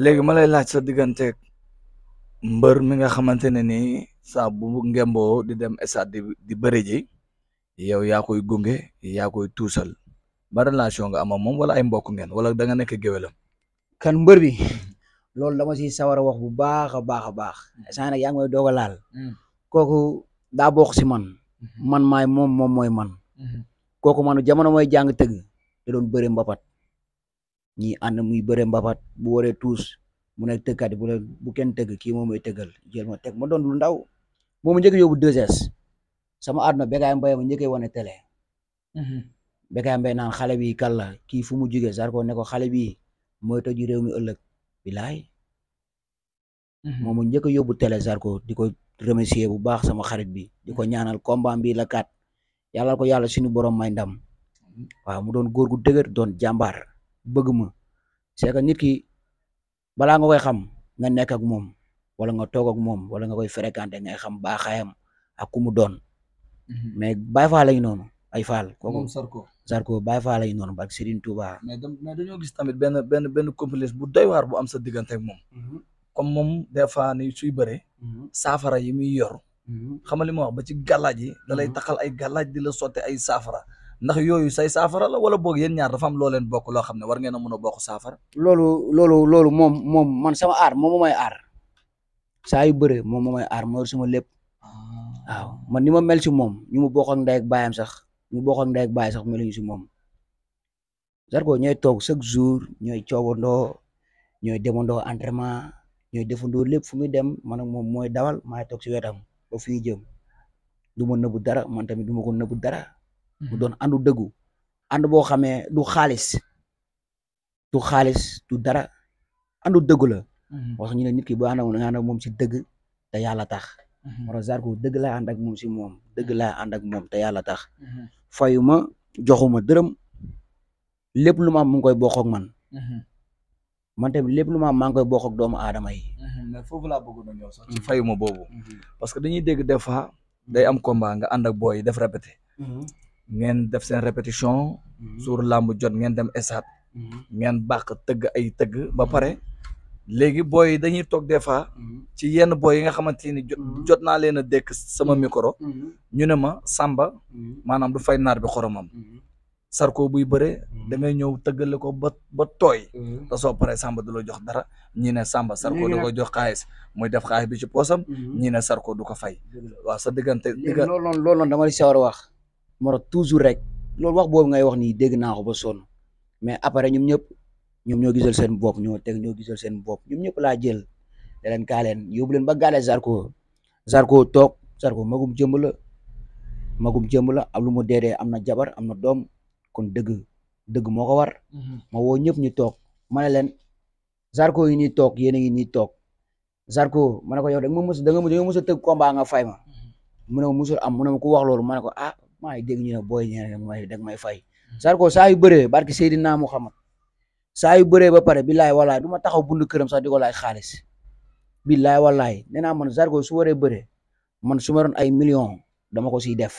léegi ma lay laaj sa digganteeg mbër mi nga xamante ne ni saa bu ngemboo di dem stade di di bëre ji yow yaa koy gunge yaa koy tuusal ba nga ama moom wala ay mbokk ngeen wala da nga nekk géwélam kan mbër bi loolu dama si sawar a wax bu baax a baax a baax saa yaa ngi doog a laal mm. kooku daa bokk si man mm-hmm. man maay moom moom mooy man mm-hmm. kooku man jamono mooy jàng tëgg da doon bëre mbapat ñi ànd muy bëre mbapat bu waree tuus mu nekk tëkkat bu ne bu kenn tëgg kii moom mooy tëggal jël ma teg ma doon lu ndaw moomu njëkk yóbbu 2S sama àdduna Bécaye Mbaye ma njëkkee wane télé. Mhm. Bécaye Mbaye naan xale bi kal la kii fu mu jugee Zarko ne ko xale bi mooy toji réew mi ëllëg bilaay. Mhm. moomu njëkk yóbbu télé Zarko di ko remercier bu baax sama xarit bi di ko ñaanal combat bi la kat yàlla ko yàlla suñu borom may ndam mhm. waaw mu doon góor gu dëgër doon jàmbaar. bëgg ma c'est que nit ki balaa nga koy xam nga nekk moom wala nga toog ak moom wala nga koy fréquenté ngay xam baaxaayam ak ku mu doon. Mhm. mais noonu ay Fall. kooku moom Sarko Sarko Baye Fall lañu noonu barke Serigne Touba. mais dañoo benn benn bu doy waar bu am sa diggante ak moom. Mhm. comme moom des fois ni suy bëree. Mhm. yi muy yor. xamali ma wax ba ci gàllaaj yi. da lay ay gàllaaj di la sotte ay saafara. ndax yooyu say saafara la wala boog yéen ñaar fam am loo leen bokk loo xam ne war ngeen a mën a bokk saafara. loolu loolu loolu moom moom man sama aar moom mooy aar saa yu bëree moom mooy aar mooy sama lépp ah. waaw man ni ma mel si moom ñu mu bokk ak ndey ak baayam sax ñu bokk ak ndey ak baay sax si moom. Zarko ñooy toog chaque jour ñooy coobandoo ñooy demandoo entraînement ñooy defandoo lépp fu muy dem man ak moom mooy dawal maay toog si wetam ba fii jëm du ma nëbbu dara man tamit du ma ko nëbbu dara. mu mhm. doon àndu dëggu ànd boo xamee du xaalis du xaalis du dara àndu dëggu la wax mhm. ñu ne nit ki boo ànd nga ànd si dëgg te yàlla tax mhm. moro Zarko dëgg laa ànd ak moom si moom dëgg laa ànd ak moom te yàlla tax fayuma joxuma dërëm lépp lu ma am mu ngi koy bokk ak man man tamit lépp lu ma am maa doomu aadama yi foofu laa bëgg na ñëw parce que dañuy dégg des fois day am combat nga ànd ak booy def ngeen def seen répétition. Mhm. suur làmb jot ngeen dem esaat. Mhm. ngeen bàq tëgg ay tëgg ba pare mhm. léegi booy yi dañuy toog des fois ci yenn booy yi nga xamante ni jot naa leen a dékk sama micro ñu ne ma Samba maanaam du fay naar bi xoromam Zarko buy bëree da ñëw tëggale ko ba ba tooy te soo paree Samba du la jox dara ñi ne Samba Zarko da ko jox xaalis muy def xaalis bi ci poosam ñi ne Zarko du ko fay waa sa diggante digga loolu noonu dama li sawar wax moo tax toujours rek loolu wax boobu ngay wax nii dégg naa ko ba sonn mais après ñoom ñëpp ñoom ñoo gisal seen bopp ñoo teg ñoo gisal seen bopp ñoom ñëpp laa jël da leen kaa leen yóbbu leen ba gaale Zarko Zarko toog Zarko magum jëmb la magum jëmb la am lu mu dee am na jabar am na doom kon dëgg dëgg moo ko war. Mhm. ma woo ñëpp ñu toog ma ne leen Zarko yi nii toog yéen a ngi nii toog Zarko ma ne ko yow da nga ma mës da nga mës a fay ma mhm. mu ne am mu ne ma ku wax loolu ko ah maa ngi dégg ñu ne booy ñeene may dag may fay hmm. Zarko saa yu bëree barki Seydina Muhammad saa yu bëree ba pare billaay wallaay du ma taxaw bundu këram sa di ko laaj xaalis billaay wallaay nee naa man Zarko su waree bëree man su ma ay million dama ko siy def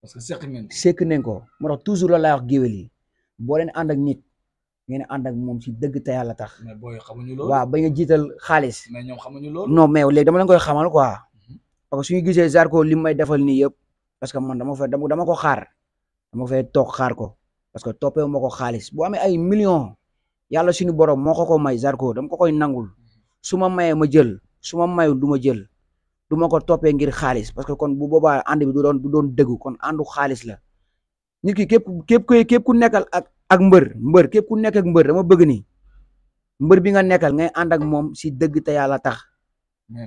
parce que sekk ko sekk nañ ko moo tax toujours la laay wax géwél yi boo leen ànd ni nit ngeen ak moom si dëgg te yàlla tax. mais booy xamuñu ba nga jiital xaalis. mais ñoom xamuñu loolu. non mais léegi dama leen koy xamal quoi. Hmm. parce que suñu defal nii yëpp parce que man dama fay dama ko xaar dama fay toog xaar ko parce que toppee ma ko xaalis bu amee ay millions yàlla suñu borom moo ko ko may Zarko dama ko koy nangul su ma mayee ma jël su ma may du ma jël du ma ko toppee ngir xaalis parce que kon bu boobaa ànd bi du doon du doon dëggu kon àndu xaalis la nit ki képp képp képp ku nekkal ak ak mbër mbër képp ku nekk ak mbër dama bëgg ni mbër bi nga nekkal ngay ànd ak moom si dëgg te yàlla tax.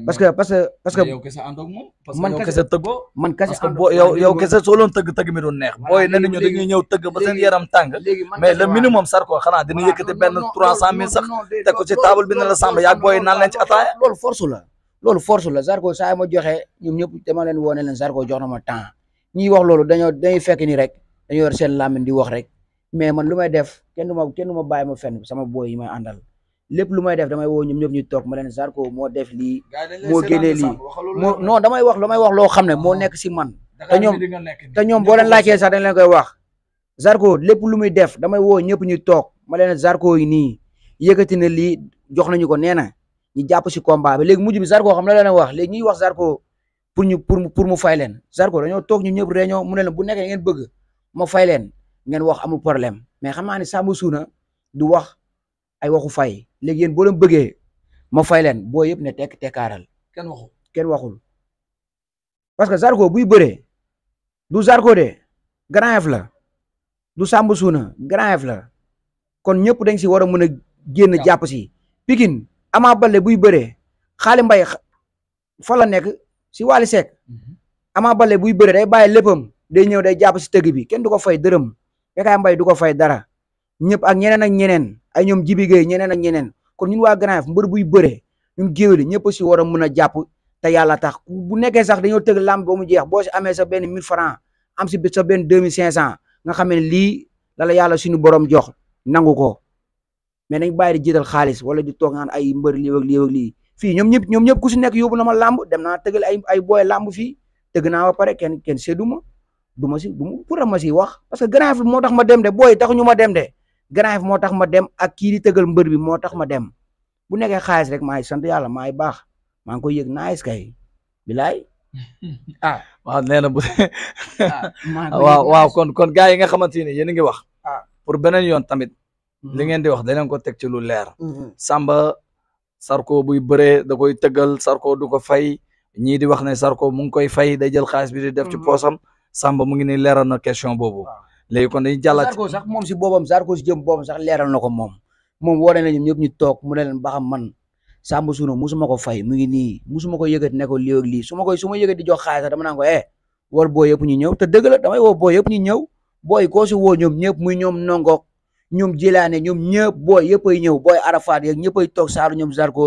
parce que que parce que yow kese ànd ak moom man kese tëggoo man kese boo yow yow kese soo loon tëgg tëgg mi doon neex booy ne nañu dañuy ñëw tëgg ba seen yaram tàng mais le minimum sarko xanaa dina yëkkati benn trois cent mille sax teg ko ci table ne la sàmb yaag booy naan leen ci ataaya loolu force loolu force la sarko saa yi ma joxee ñoom ñëpp dama leen woone leen sarko jox na ma temps ñiy wax loolu dañoo dañuy fekk rek dañoo yor seen làmmiñ di wax rek mais man lu may def kenn du ma kenn du ma bàyyi sama booy yi may àndal lépp lu may def damay woo ñoom ñëpp ñu toog ma leen Zarko moo def lii moo génnee lii moo non damay wax damay wax loo xam ne moo nekk si man te ñoom te ñoom boo leen laajtee sax dañ leen koy wax Zarko lépp lu muy def damay woo ñëpp ñu toog ma leen Zarko yi nii yëkkati na lii jox nañu ko nee na ñu jàpp si combat bi léegi mujj bi Zarko xam la leen wax léegi ñuy wax Zarko pour ñu pour pour mu fay leen Zarko dañoo toog ñu ñëpp réunion mu ne leen bu nekkee ngeen bëgg ma fay leen ngeen wax amul problème mais xam naa ne Samba Suuna du wax ay waxu fay léegi yéen boo leen bëggee ma fay leen boo yëpp ne tekk tekkaaral kenn waxul kenn waxul parce que Zarko buy bëree du Zarko de Grand la du Samb Suuna Grand Yoff la kon ñëpp dañ si war a mën a génn jàpp si Pikine Ama Baldé buy bëree Xaali Mbay fa la nekk si Wally sek mhm. Ama Baldé buy bëree day bàyyi léppam day ñëw day jàpp si tëgg bi kenn du ko fay dërëm Bécaye Mbay du ko fay dara ñëpp ak ñeneen ak ñeneen ay ñoom Jibi Gueye ñeneen na ñeneen kon ñun waa Grand Yoff mbër buy bëree ñun géwél yi ñëpp si war a mën a jàpp te yàlla tax bu nekkee sax dañoo tëgg làmb ba mu jeex boo si amee sa benn 1000 francs am si sa benn 2500 nga xam ne lii lala la yàlla suñu borom jok nangu ko mais nañ bàyyi di jiital xaalis wala ji toog naan ay mbër lii ak lii ak lii fii ñoom ñëpp ñoom ñëpp ku si nekk yóbbu na ma làmb dem na tëggal ay ay booy fi fii naa ba pare kenn kenn séddu ma du ma si du ma ma si wax parce que Grand moo tax ma dem de booy taxu ñu ma dem de Garaaf moo tax ma dem ak kii di tëgal mbër bi moo tax ma dem bu nekkee xaalis rek maa ngi sant yàlla maa ngi baax maa ngi koy yëg naaj kay bilaay ah waaw bu ah, waaw waaw kon kon gars yi nga xamante ne yéen a ngi wax. Ah. pour beneen yoon tamit. Mm-hmm. li ngeen di wax danañ ko teg ci lu leer. Mm-hmm. Samba Sarko buy bëre da koy tëggal Sarko du ko fay ñii di wax ne Sarko mu ngi koy fay day jël xaalis bi di def ci mm-hmm. posam Samba mu ngi ni leeral na question boobu. Ah. léegi kon dañuy jàllaat Zarko sax moom si boobam Zarko si jëm boobam sax leeral na ko moom moom woo nañ ñoom ñëpp ñu toog mu ne leen ba xam man Samba Suuna musuma ko fay mu ngi nii musuma ko yëgat ne ko lii ak lii su ma koy su ma di jox xaalis sax dama naan ko eh war boo yëpp ñu ñëw te dëgg la damay woo boo yëpp ñu ñëw booy koo si woo ñoom ñëpp muy ñoom nongook ñoom jilaane ñoom ñëpp booy yëpp ñëw booy Arafat yeeg ñëpp ay toog saaru ñoom Zarko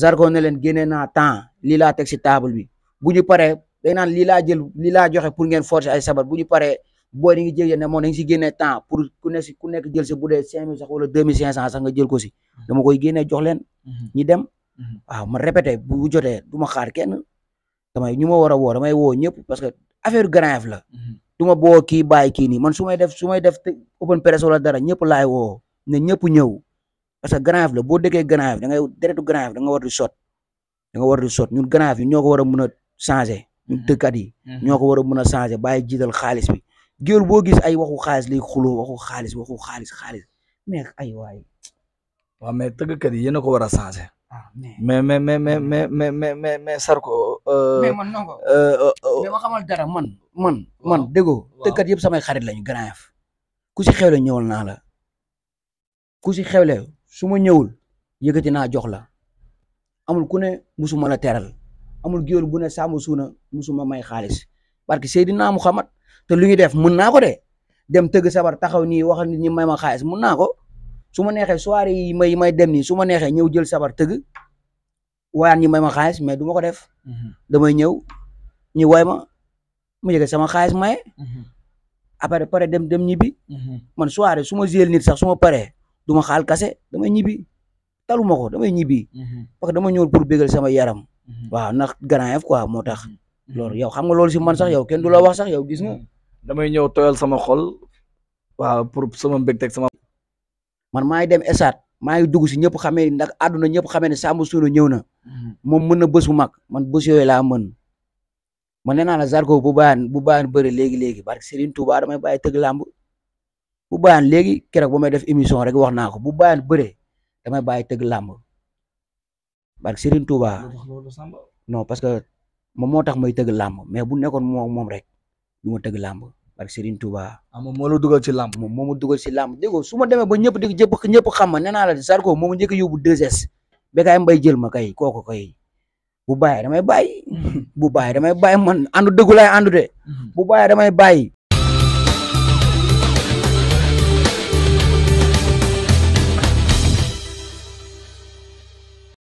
Zarko ne leen génne naa temps lii laa teg si table bi bu ñu paree day naan lii laa jël lii laa joxe pour ngeen forcer ay sabar bu ñu paree booy yi ngi jéggi ne moom si génne temps pour ku ne si ku nekk jël si bu dee cinq mille sax wala deux mille cinq cent sax ko si mm-hmm. dama koy génne jox leen mm-hmm. ñi dem mm-hmm. waaw ma répété bu jotee du ma xaar kenn damay ñu ma war a woo damay woo ñëpp parce que affaire grave la du ma boo kii bàyyi kii nii man su may def su may def open press wala dara ñëpp laay woo ne ñëpp ñëw parce que grave la boo dëkkee grave da ngay deretu grave da nga war di sot da nga sot ñun grave yi ñoo ko war a mën a changer yi ñoo ko war a mën a changer bàyyi xaalis bi géwél boo gis ay waxu xaalis lay xuloo waxu xaalis waxu xaalis xaalis mais ay waay. waaw mais tëggkat yi yéen a ko war a changé. Ah, mais mais mais mais mais mais mais mais Sarko. Euh, mais man non euh, euh, mais ma xamal dara man man man déggoo. waaw tëggkat yëpp samay xarit lañu grand yaf ku si xewle ñëwal naa la ku si xewle su ma ñëwul yëkkati naa jox la amul ku ne musuma la teral amul géwél bu ne sàmm suuna musuma may xaalis parce que Seydina Muhammad te lu ñu def mun naa ko de dem tëgg sabar taxaw nii waxal nit ñi may ma xaalis mun naa ko su ma neexee soirée yi may may dem nii su ma neexee ñëw jël sabar tëgg waayaan ñi may ma xaalis mais duma ko def. Mm-hmm. damay ñëw ñu way ma mu yëge sama xaalis maye. Mm-hmm. après pare dem dem ñibbi. Mm-hmm. man soirée su ma jël nit sax su ma paree du ma xaal kase damay ñibbi taluma ko damay ñibbi. parce dama ñëw pour bégal sama yaram. waaw ndax grand quoi moo tax. loolu yow xam nga loolu si man sax yow kenn du la wax sax yow gis nga. Mm. damay ñëw tooyal sama xol waaw pour sama mbégteeg sama. man maa ngi dem esaat maa ngi dugg si ñëpp xamee ndax àdduna ñëpp xamee ne Samba Soulou ñëw na mm. moom mën na bés bu mag man bés yooyu laa mën man nee naa la Zarko bu baax bu baax bëri léegi léegi parce que Serigne Touba damay bàyyi tëgg làmb bu baax léegi keroog ba may def émission rek wax naa ko bu baax bëre damay bàyyi tëgg làmb parce que Serigne moom moo tax may tëgg làmb mais bu nekkoon moo moom rek du ma tëgg làmb parce que Serigne a ah moom moo la dugal ci làmb. moom moo ma dugal si làmb dégg nga su ma demee ba ñëpp di jëpp ñëpp xam ma nee naa la Zarko moo ma njëkk a yóbbu 2S ba kaay mbay jël ma kay bu bàyyi damay bàyyi bu bàyyi damay bàyyi man àndu dëggu laay àndu de mm-hmm. bu bàyyi damay bàyyi